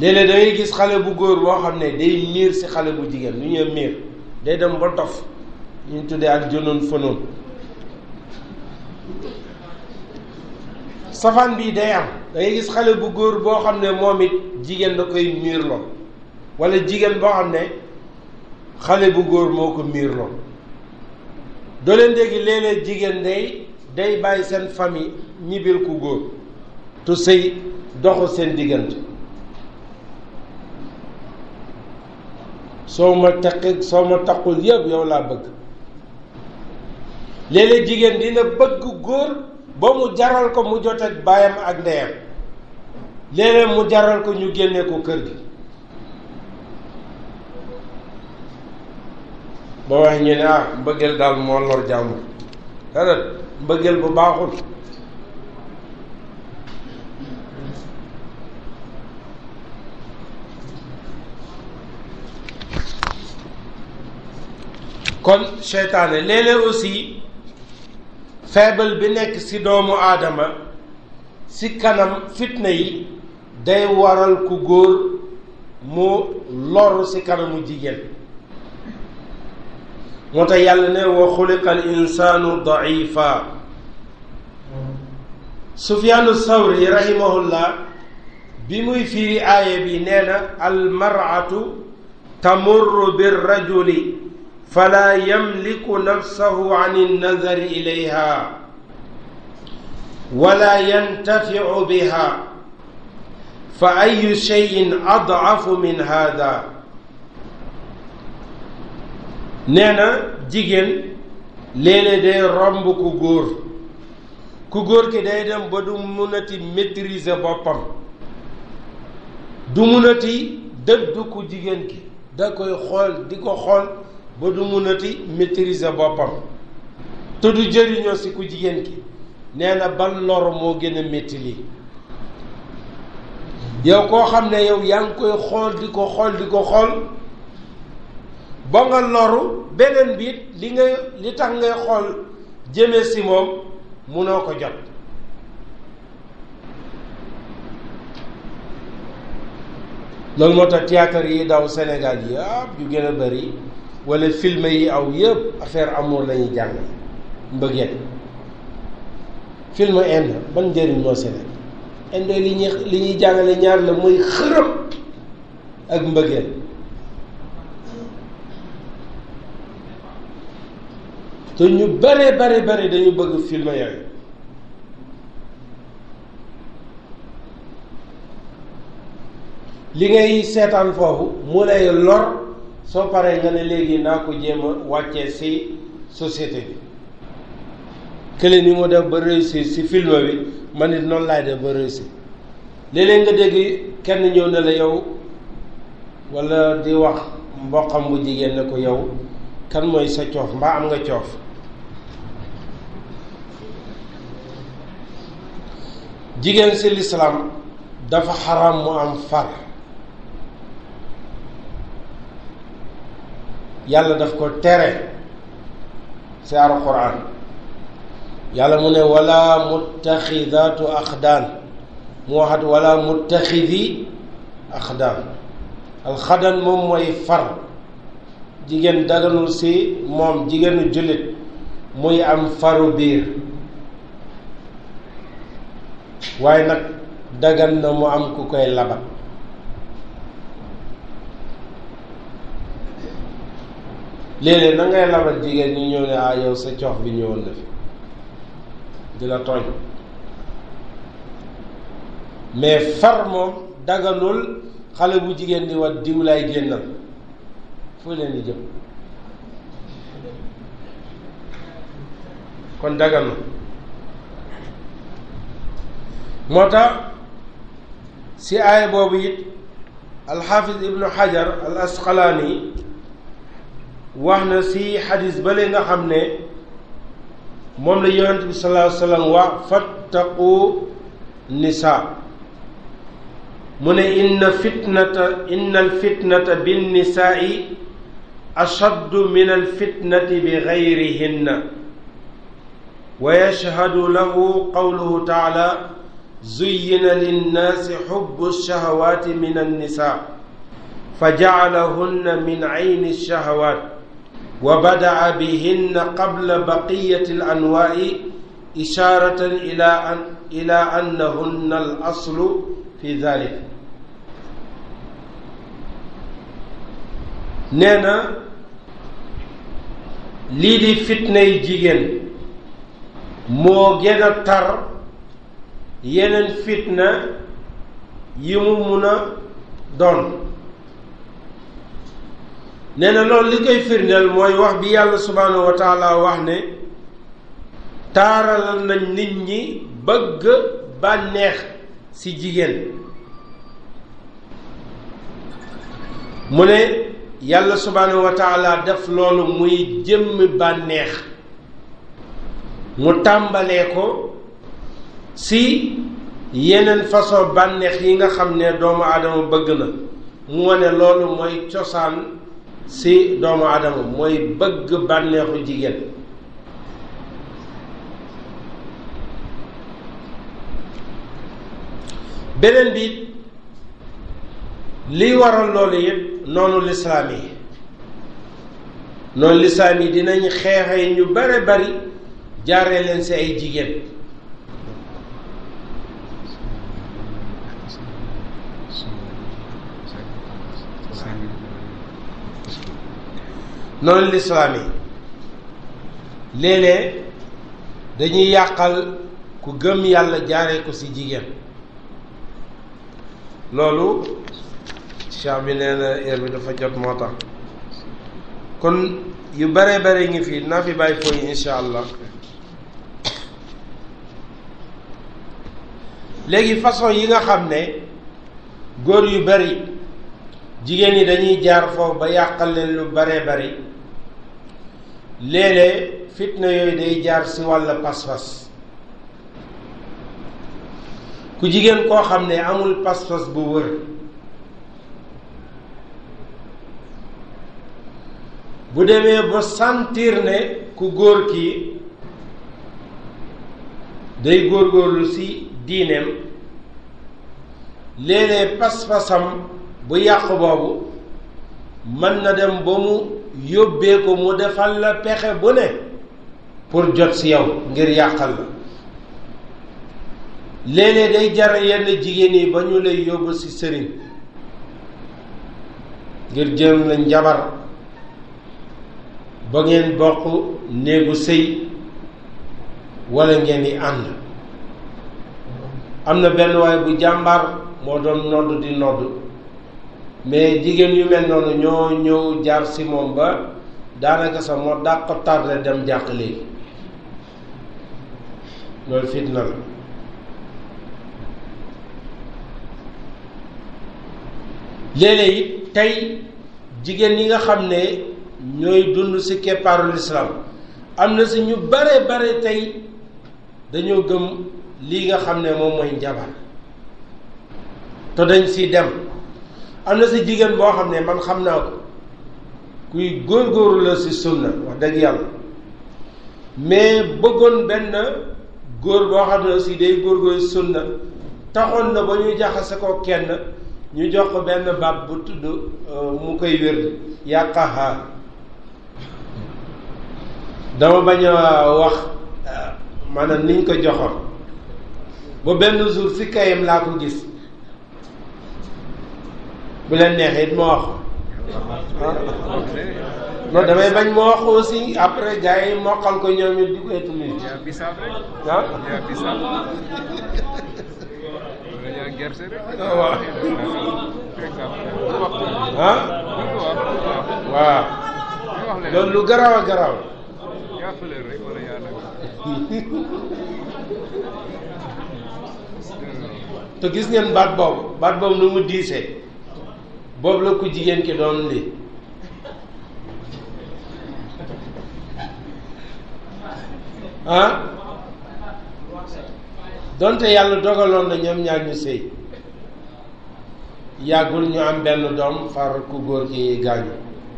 léeg-léeg dangay gis xale bu góor boo xam ne day miir si xale bu jigéen lu ñuy miir day dem ba dof ñu tuddee ak jonoon fanoon safaan bii day am dangay gis xale bu góor boo xam ne moom it jigéen da koy miir lool walla jigéen boo xam ne xale bu góor moo ko miir lool doo leen dégg léeg-léeg jigéen day day bàyyi seen famille ñibbil ku góor te sëy doxu seen diggante soo ma taqi soo ma taqul yëpp yow laa bëgg léeg dina bëgg góor ba mu jaral ko mu jot ak ak ndeyam léeg mu jaral ko ñu génne ko kër gi ba wax ñu ne ah mbëggeel daal moo lor jàmbur mbëggeel bu baaxul kon seytaane léeg aussi faible bi nekk ci doomu aadama ci kanam fitna yi day waral ku góor mu loru ci kanamu jigéen moo tax yàlla ne wa xuliqa al insaanu daifa sufyaanu sawri rahimahullah bi muy firi aaya bi nee na almaratu tamurru birrajuli fala yamliku nafsahu an innazari ilayha wala yantafiu biha fa ayu cheyin adafu min hada nee na jigéen léeg-léeg day romb ku góor ku góor ki day dem ba du munati maîtriser boppam du munati dëddu ku jigéen ki da koy xool di ko xool ba du munati maîtriser boppam te du jëriñoo si ku jigéen ki nee na ba lor moo gën a métti lii yow koo xam ne yow yaa ngi koy xool di ko xool di ko xool ba nga loru beneen biit li nga li tax ngay xool jëme si moom munoo ko jot loolu moo tax théâtre yi daw Sénégal yëpp yu gën a bari wala film yi aw yëpp affaire amour lañuy jàng mbëggeel film Inde ban njëriñ moo si nekk li ñuy jàngale ñaar la muy xërëm ak mbëggeel te ñu bare bare bare dañu bëgg film yooyu li ngay seetaan foofu mu lay lor soo paree nga ne léegi naa ko jéem a wàccee si société bi kële ni mu def ba réussir si film bi man it noonu laay def ba réussir léeg nga dégg kenn ñëw ne la yow walla di wax mboqam bu jigéen ne ko yow kan mooy sa coof mbaa am nga coof jigéen si lislaam dafa xaram mu am far yàlla daf ko tere si alquran yàlla mu ne wala muttaxidaatu axdaan mu waxat wala muttaxidi axdaan alxadan moom mooy far jigéen daganul si moom jigéenu jullit muy am faru biir waaye nag dagan na mu am ku koy labat léeg-léeg na ngay labat jigéen ñi ñëw ne ah yow sa cox bi ñëwoon na fi di la tooñ mais far moom daganul xale bu jigéen di wat diw laay génnal foo leen di jëm kon dagan moo tax si aaya boobu it alxaafis ibnu xajar al asqalaani wax na si xadis bale nga xam ne moom la yonent bi salaa sallam wax fattaqu nisaa mu ne inna fitnata inna alfitnata binnisaai ashaddu min alfitnati bi gayrihinna wa yashhadu lahu qawluhu taala zuyyina linnaasi xubbu shahawaati min annisaa fa jacalahunna min cayni shahawaat wa badaca bihinna qabla baqiyati alanwaa'i ishaaratan ilaa an ilaa annahunna alaslu fi dalik nee na lii di fitnay jigéen moo gën a tar yeneen fitna yi mu mun a doon nee na loolu li koy firndeel mooy wax bi yàlla subhaanahu wa wax ne taaralal nañ nit ñi bëgg bànneex ci jigéen mu ne yàlla subhaanahu wa def loolu muy jëmmi bànneex mu tàmbalee ko si yeneen façon bànneex yi nga xam ne doomu aadama bëgg na mu wane loolu mooy cosaan si doomu aadama mooy bëgg bànneexu jigéen beneen bi liy waral loolu yëpp noonu lislaam yi noonu lislaam yi dinañ xeexee ñu bare bari jaare leen si ay jigéen noonu lislaam yi léeg-léeg dañuy yàqal ku gëm yàlla jaare ko si jigéen loolu cheikh bi nee na bi dafa jot moo tax kon yu bare bare ngi fii naa fi bàyyi fooy insha allah léegi façon yi nga xam ne góor yu bari jigéen ñi dañuy jaar foofu ba yàqal leen lu bare bari léeg fitna yooyu day jaar ci wàll pas ku jigéen koo xam ne amul pas bu wër bu demee ba sentir ne ku góor ki day góorgóorlu ci diineem léeg-léeg bu yàq boobu mën na dem ba mu yóbbee ko mu defal la pexe bu ne pour jot si yow ngir yàqal la léeg-léeg day jar yenn jigéen yi ba ñu lay yóbbu si sëriñ ngir jëm la njabar ba ngeen bokk néegu sëy walla ngeen di ànd am na benn waay bu jàmbar moo doon nodd di nodd mais jigéen yu mel noonu ñoo ñëw jaar si moom ba daanaka sax moo dàq ko tardé dem jàq léegi loolu fitna la tey jigéen yi nga xam ne ñooy dund si keppaaru lislaam am na si ñu bare bare tey dañoo gëm lii nga xam ne moom mooy njabar te dañ si dem am na si jigéen boo xam ne man xam naa ko kuy góorgóorlu la si sunna wax dëgg yàlla mais bëggoon benn góor boo xam ne aussi day góorgóorlu sunna taxoon na ba ñu jaxase ko kenn ñu jox ko benn baat bu tudd euh, mu koy wér yàqaha dama bañ a wax euh, maanaam niñ ko joxoon ba benn jour si kayam laa ko gis bu leen neexee it ma wax moo damay bañ ma wax aussi après gars yi mokkal ko ñoom ñu dugg etu nit ah waaw loolu lu garaaw a garaaw te gis ngeen baat boobu baat boobu nu mu diisee boobu la ku jigéen ki doon li ah donte yàlla dogaloon na ñoom ñaar ñu sëy yàggul ñu am benn doom far ku góor ki gaañu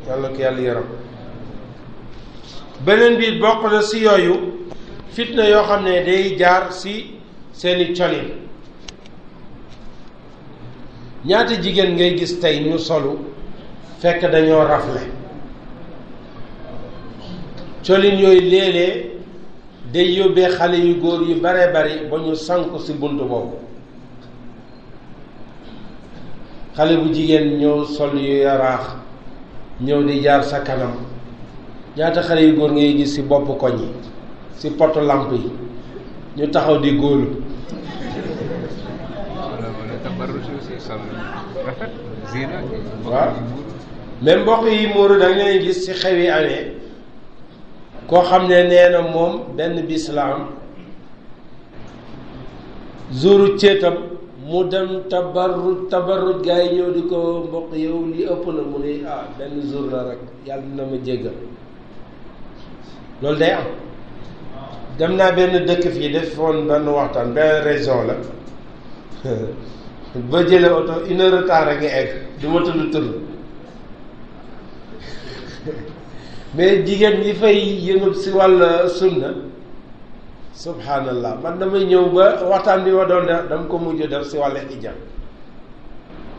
yàlla ko yàlla yaram beneen biir bokk na si yooyu fitna yoo xam ne day jaar ci seeni colin ñaata jigéen ngay gis tey ñu solu fekk dañoo rafle colin yooyu léeg-léeg day yóbbee xale yu góor yu bare bari ba ñu sanku ci bunt boobu xale bu jigéen ñëw sol yu yaraax ñëw di jaar sa kanam ñaata xale yu góor ngay gis ci bopp koñ yi ci potu làmp yi ñu taxaw di góolu sol rafet ziina yi muuru da ngay gis ci xew yi amee koo xam ne nee moom benn bis la am zuru céetam mu dem tabarruj tabarruj gars yi ñëw di ko mboq yow li ëpp na mu ne ah benn jour la rek yàlla na ma jéggal loolu day am dem naa benn dëkk fii defoon benn waxtaan benn raison la boo jëlee oto une heure de rek nga egg du ma tudd mais jigéen ñi fay yëngu si wàll sunna subhanallah man damay ñëw ba waxtaan bi ma doon def dama ko mujj def si wàll hijab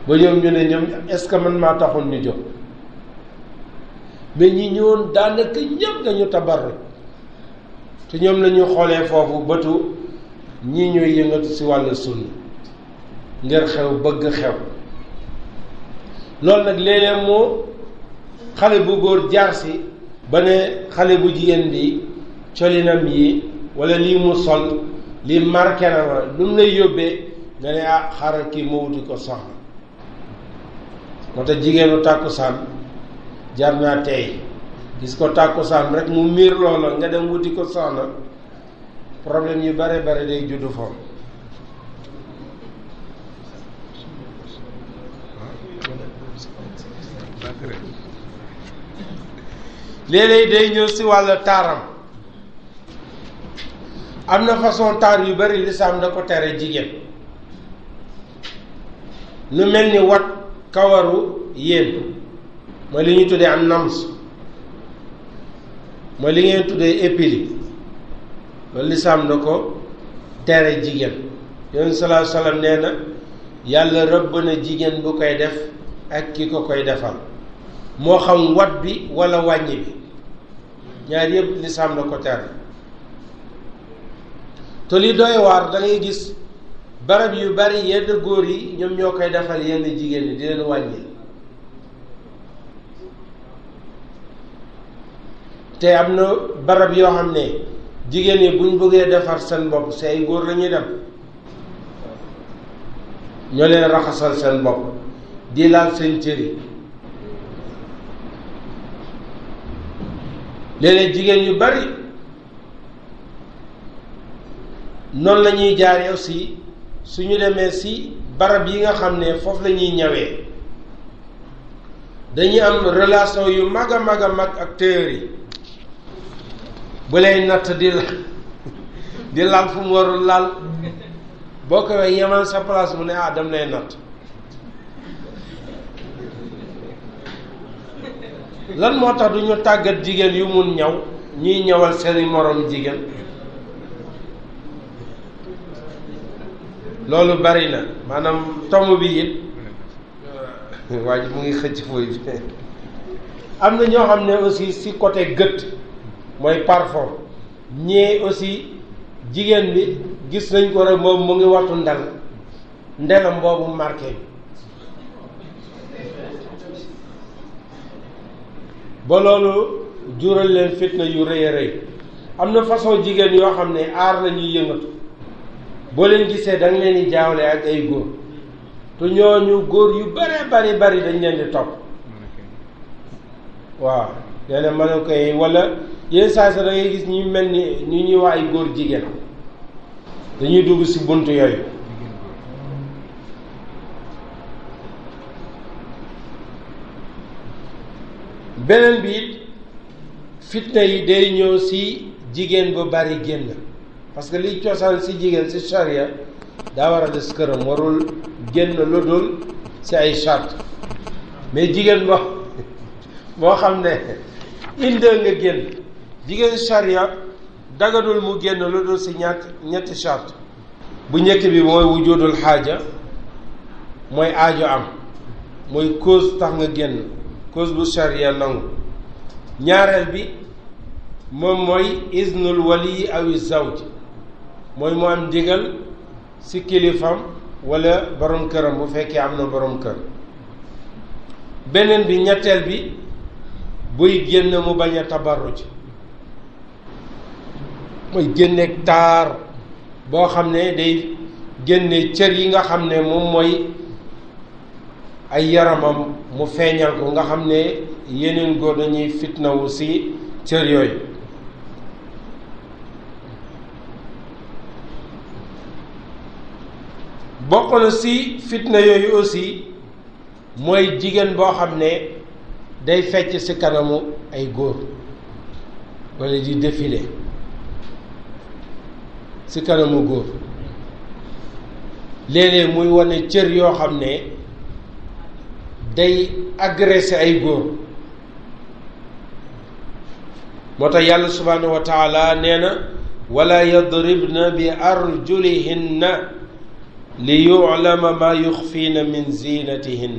ba ñoom ñu ne ñoom est-ce que man maa taxoon ñu jóg mais ñi ñëwoon daanaka ñëpp dañu tabarru te ñoom lañuy xoolee foofu bëtu ñi ñooy yëngatu si wàll sunna ngir xew bëgg xew loolu nag léeg-léeg moo xale bu góor jaar si ba ne xale bu jigéen bi colinam yi wala lii mu sol lii marqué na ma lu mu lay yóbbee nga ne ah xaaral kii moo wuti ko soxna moo jigéenu tàkkusaan jar naa tey gis ko tàkkusaan rek mu miir loola nga dem wuti ko soxna problème yu bare bare day juddu foofu léeg-léeg day ñëw si wàllu taaram am na façon taar yu bari lislaam da ko tere jigéen lu mel ni wat kawaru yéen mooy li ñu tuddee am nams mooy li ngeen tuddee épili loolu lislaam ko tere jigéen yonent salaa salaam nee na yàlla rëbb na jigéen bu koy def ak ki ko koy defal moo xam wat bi walla wàññi bi ñaar yëpp lislaam da ko tere te li doy waar da gis barab yu bari yenn góor yi ñoom ñoo koy defal yenn jigéen ñi di leen wàññi te am na barab yoo xam ne jigéen ñi buñ bëggee defar seen bopp si ay góor la dem ñoo leen raxasal seen bopp di laal seen cër léeg jigéen yu bari noonu la ñuy jaaree aussi suñu demee si barab yi nga xam ne foofu la ñuy ñawee dañuy am relation yu mag a mag a mag ak téere yi bu lay natt di la di laal fu mu warul laal boo ko yemal sa place mu ne ah dam lay natt lan moo tax duñu tàggat jigéen yu mun ñaw ñiy ñawal seeni moroom jigéen loolu bari na maanaam tomb bi it waa mu ngi xëcc fooy am na ñoo xam ne aussi si côté gëtt mooy parfum ñee aussi jigéen bi gis nañ ko rek moom mu ngi wattu ndel ndelam boobu marqué bi ba loolu jural leen fitna yu rëy a rëy am na façon jigéen yoo xam ne aar la ñuy yëngatu boo leen gisee da leen di jaawle ak ay góor te ñu góor yu bare bari bari dañ leen di topp waaw nee na mën koy wala yenn saa sa da gis ñu mel ni ñu ñuy wax ay góor jigéen dañuy dugg si bunt yooyu beneen bi it fitna yi day ñëw si jigéen bu bari génn parce que liy cosaan si jigéen si charia daa war a des këram warul génn lu dul si ay charte mais jigéen bo boo xam ne indee nga génn jigéen charia dagadul mu génn lu dul si ñàkk ñetti charte bu njëkk bi mooy wujudul xaaja mooy aajo am mooy cause tax nga génn cause bu charia nangu ñaareel bi moom mooy iznul wali awi zawj mooy mu am ndigal si kilifam wala boroom këram bu fekkee am na borom kër beneen bi ñetteel bi buy génn mu bañ a tabarruj mooy génneeg taar boo xam ne day génne cër yi nga xam ne moom mooy ay yaramam mu feeñal ko nga xam ne yeneen góor dañuy fitnawu si cër yooyu bokk na si fitna yooyu aussi mooy jigéen boo xam ne day fecc si kanamu ay góor walla di défilé si kanamu góor léeg-léeg muy wane cër yoo xam ne day agressé ay góor moo tax yàlla subhaanahu wa nee na wala yadribna bi arjulihinna li yulama ma yuxfiina min na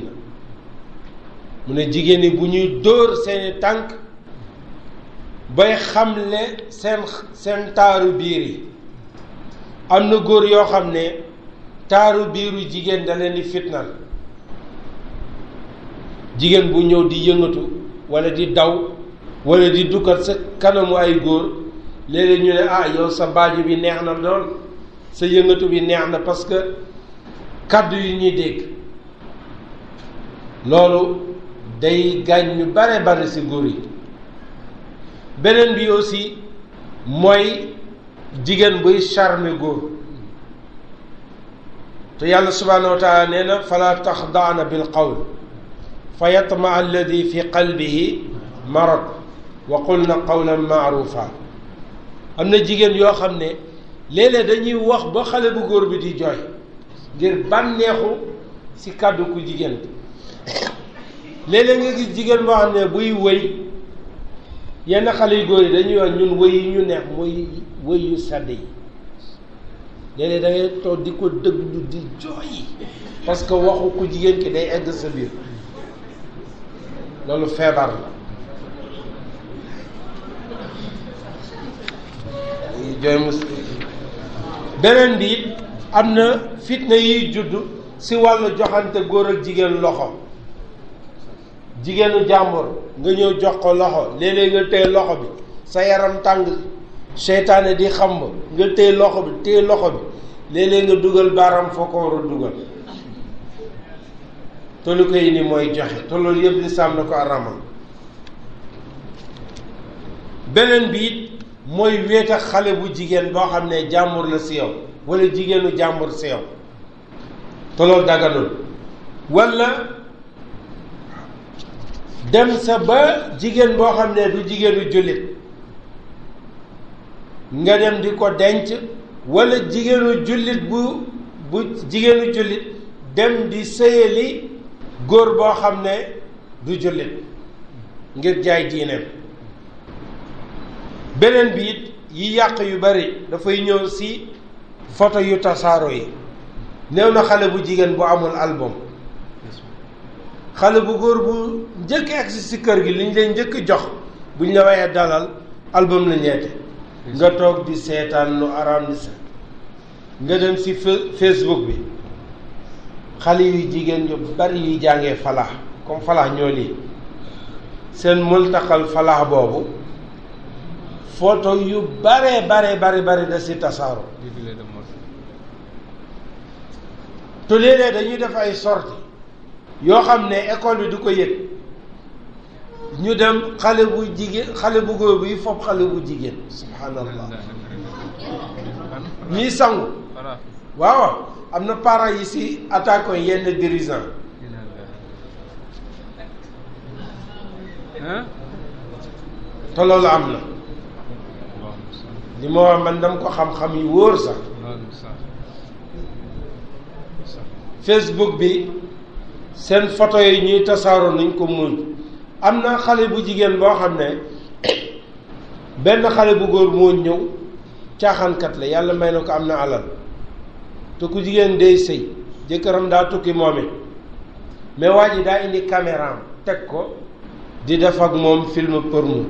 mu ne jigéen ñi bu ñuy dóor seeni tànk bay xamle seen seen taaru biir yi am na góor yoo xam ne taaru biiru jigéen daleen leen di fitnal jigéen bu ñëw di yëngatu walla di daw wala di dukkat sa kanamu ay góor léeg-léeg ñu ne ah yow sa baaju bi neex na lool sa yëngatu bi neex na parce que kàddu yi ñuy dégg loolu day gaañ ñu bare bare ci góor yi beneen bi aussi mooy jigéen buy charmer góor te yàlla subhaanahu wa nee na fala daana bil qawl fa yatma alladi fi qalbihi marad wa qul na qawlan maarufa am na jigéen yoo xam ne léeg dañuy wax ba xale bu góor bi di jooy ngir bànneexu si kàddu ku jigéen bi léeg nga gis jigéen boo xam ne buy wëy yenn xale yu góor yi dañuy wax ñun wëy yi ñu neex mooy wëy yu sàdd yi léeg-léeg toog di ko déglu di jooy parce que waxu ku jigéen ki day egg sa biir loolu feebar la beneen bi am na fitna yi judd si wàll joxante góor ak jigéen loxo jigéenu jàmbur nga ñëw jox ko loxo léeg nga téye loxo bi sa yaram tàng seytaane di xam nga téye loxo bi téye loxo bi léeg nga dugal baaram foo dugal te koy ni mooy joxe te loolu yëpp lislaam na ko aramal beneen bi it mooy wéet xale bu jigéen boo xam ne jàmbur la si yow wala jigéenu jàmbur si yow te loolu daganul wala dem sa ba jigéen boo xam ne du jigéenu jullit nga dem di ko denc walla jigéenu jullit bu bu jigéenu jullit dem di sëyali góor boo xam ne du jullit ngir jaay diineem beneen biit yi yàq yu bari dafay ñëw ci foto yu tasaaro yi néew na xale bu jigéen bu amul album xale bu góor bu njëkk agsi si kër gi li ñu leen njëkk jox bu ñu la waxee dalal album la ñeete nga toog di seetaan lu araam di nga dem si Facebook bi xale yu jigéen yu bari yuy jàngee falaax comme falaax ñoo lii seen multaqal falaax boobu photo yu bare bare bare bare da si tasaaro te léeg dañuy def ay sorti yoo xam ne école bi du ko yëg ñu dem xale bu jigéen xale bu góor bi fopp xale bu jigéen subhanallah ñuy sangu waaw am na parent yi ci attaquant yenn dirigeant te loolu am na li ma wax man dama ko xam-xam yu wóor sax Facebook bi seen photo yi ñuy tasaaroo nañ ko muñ am na xale bu jigéen boo xam ne benn xale bu góor moo ñëw caaxaankat la yàlla may na ko am na alal te ku jigéen day sëy jëkkëram daa tukki moom it mais waa ji daa indi caméraam teg ko di def ak moom film porno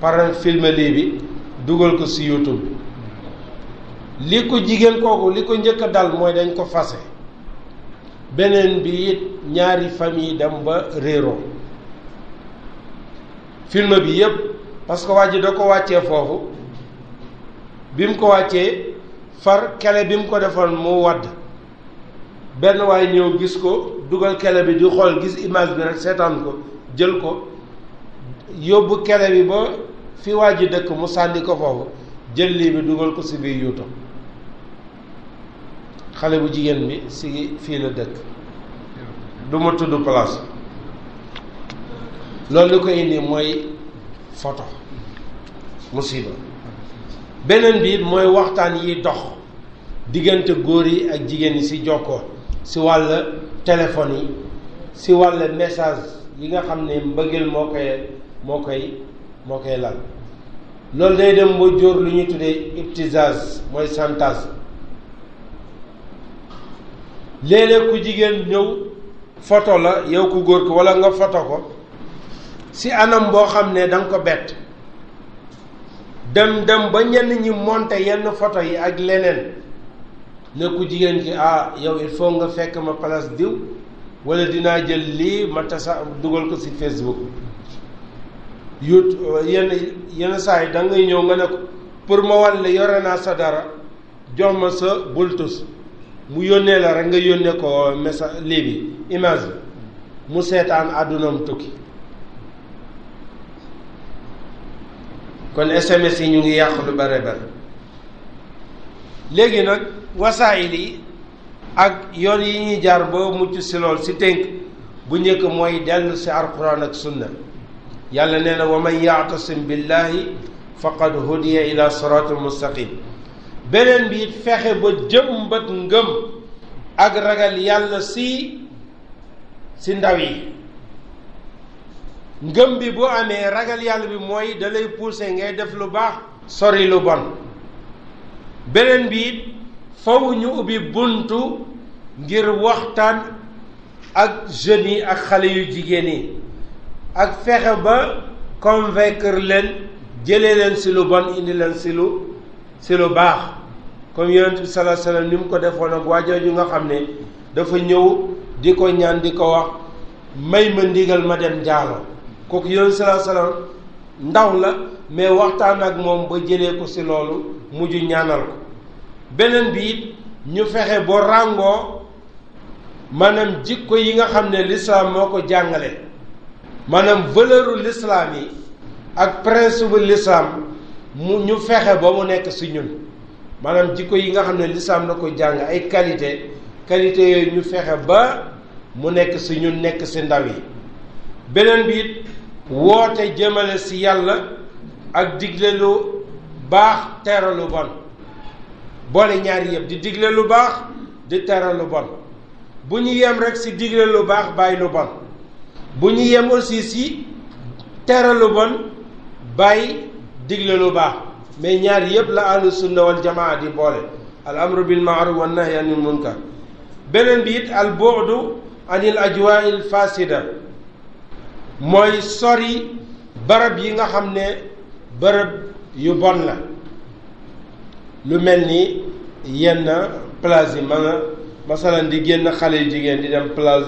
par film lii bi dugal ko si YouTube li ko jigéen kooku li ko njëkk a dal mooy dañ ko fase beneen bi it ñaari famille dem ba réeroo film bi yépp parce que waa da ko wàccee foofu bi mu ko wàccee far kele bi mu ko defoon mu wadd benn waay ñëw gis ko dugal kele bi di xool gis image bi rek seetaan ko jël ko yóbbu kele bi ba fi waa ji dëkk mu sànni ko foofu jël lii bi dugal ko si biir yuuto xale bu jigéen bi si fii la dëkk du tudd place loolu li ko indi mooy photo musiba beneen biir mooy waxtaan yi dox diggante góor yi ak jigéen yi ci jokkoo si wàll téléphone yi si wàll message yi nga xam ne mbëggeel moo koy moo koy moo koy lal loolu day dem ba jóor lu ñu tuddee ibtisage mooy chantage léeg-léeg ku jigéen ñëw photo la yow ku góor ko walla nga foto ko ci anam boo xam ne danga ko bett dem dem ba ñenn ñi monter yenn foto yi ak leneen ne ku jigéen ki ah yow il faut nga fekk ma palaas diw wala dinaa jël lii ma tasa dugal ko ci Facebook yut yenn yenn saa yi da ñëw nga ne ko pour ma wan yore naa sa dara jox ma sa bultus mu yónnee la rek nga yónnee ko message léegi bi image mu seetaan àddunam tukki kon SMS yi ñu ngi yàq lu bare bare léegi nag wasaayil yi ak yoon yi ñuy jaar ba mucc si lool si tënk bu njëkk mooy dellu si alquran ak sunna yàlla nee na wa man yaatasim billahi faqad hudiya ila siratin mustaqim beneen bi fexe ba jëm jëmbat ngëm ak ragal yàlla si ci ndaw yi ngëm bi bu amee ragal yàlla bi mooy da lay ngay def lu baax sori lu bon beneen bi it ñu ubbi buntu ngir waxtaan ak jeunes yi ak xale yu jigéen yi ak fexe ba convaincre leen jële leen ci lu bon indi leen si lu si lu baax comme yonent bi ni mu ko defoon ak waajoo ñu nga xam ne dafa ñëw di ko ñaan di ko wax may ma ndigal ma dem jaalo kooku yonent salaa salaam ndaw la mais waxtaan ak moom ba jëlee ko ci loolu mujj ñaanal ko beneen biit ñu fexe boo ràngoo maanaam jikko yi nga xam ne lislaam moo ko jàngale maanaam valeuru lislaam yi ak principe lislaam mu ñu fexe ba mu nekk ci ñun maanaam jikko yi nga xam ne lislaam la ko jàng ay qualité qualité yooyu ñu fexe ba mu nekk ci ñun nekk ci ndaw yi beneen bi woote jëmale si yàlla ak digle lu baax tere bon boole ñaar yëpp di digle lu baax di tere bon bu ñu yem rekk ci digle lu baax bàyyi lu bon bu ñu yem aussi si tere bon bàyyi digle lu baax mais ñaar yëpp la ahlu sunna wal jamaa di boole al amru bil maaruf wan nahyi anil munkar beneen bi it al bu'du anil ajwaa'il fasida mooy sori barab yi nga xam ne barab yu bon la lu mel ni yenn place yi ma a masalan di génn xale yu jigéen di dem place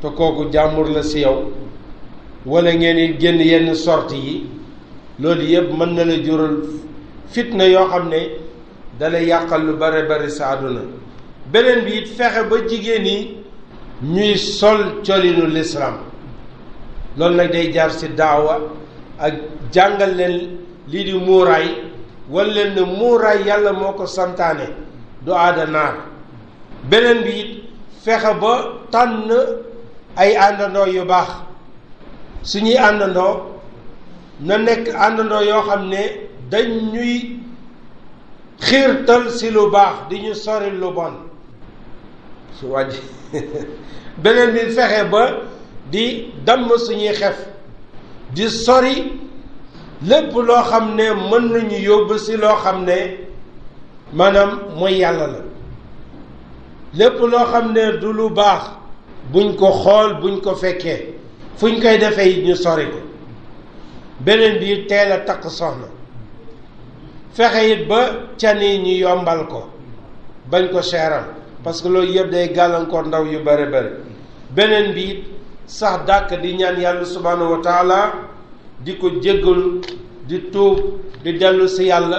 te kooku jàmbur la ci yow wala ngeen génn yenn sort yi loolu yëpp mën na la jural fitna yoo xam ne dala yàqal lu bare bare sa àdduna beneen bi it fexe ba jigéen yi ñuy sol colinu lislaam loolu nag day jaar ci daawa ak jàngal leen lii di muuraay wan leen ne muuraay yàlla moo ko santaane du aada naar beneen bi fexe ba tànn ay àndandoo yu baax suñuy àndandoo na nekk àndandoo yoo xam ne dañ ñuy xiirtal ci lu baax di ñu sori lu bon su wàjj beneen bi fexe ba di damm suñuy xef di sori lépp loo xam ne mën nañu yóbbu si loo xam ne maanaam mooy yàlla la lépp loo xam ne du lu baax buñ ko xool buñ ko fekkee fuñ koy defee ñu sori ko beneen biir teel a takk soxna fexe it ba ca yi ñu yombal ko bañ ko seeral parce que loolu yëpp day gàllankoor ndaw yu bare bare beneen bi sax dàkk di ñaan yàlla subhaanahu taala di ko jéggalu di tuub di dellu si yàlla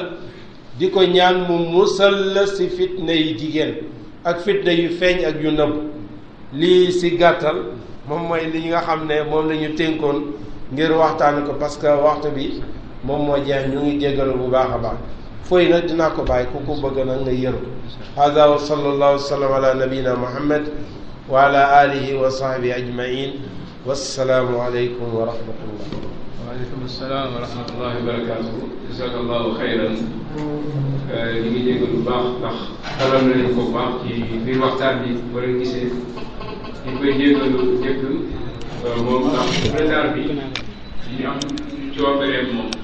di ko ñaan mu musal la si fitna yi jigéen ak fitna yu feeñ ak yu nëbb lii si gàttal moom mooy li nga xam ne moom la ñu tënkoon ngir waxtaan ko parce que waxtu bi moom moo jeex ñu ngi jéggalu bu baax a baax fooy nag dinaa ko bàyyi ku ko bëgg nag nga yëru hada wa sallallahu wa sallam ala muhammad wa ala alihi wa sahbihi ajmain wassalaamu aleykum wa rahmatullah waaleykum salaam wa rahmatullahi wa barakatuh jazakallahu xayran ñu ngi jégal bu baax ndax xelal na leen ko baax ci biir waxtaan bi wala gisee ñu koy jégalu njëkk euh, moom ndax retard bi ñu am coobareem moom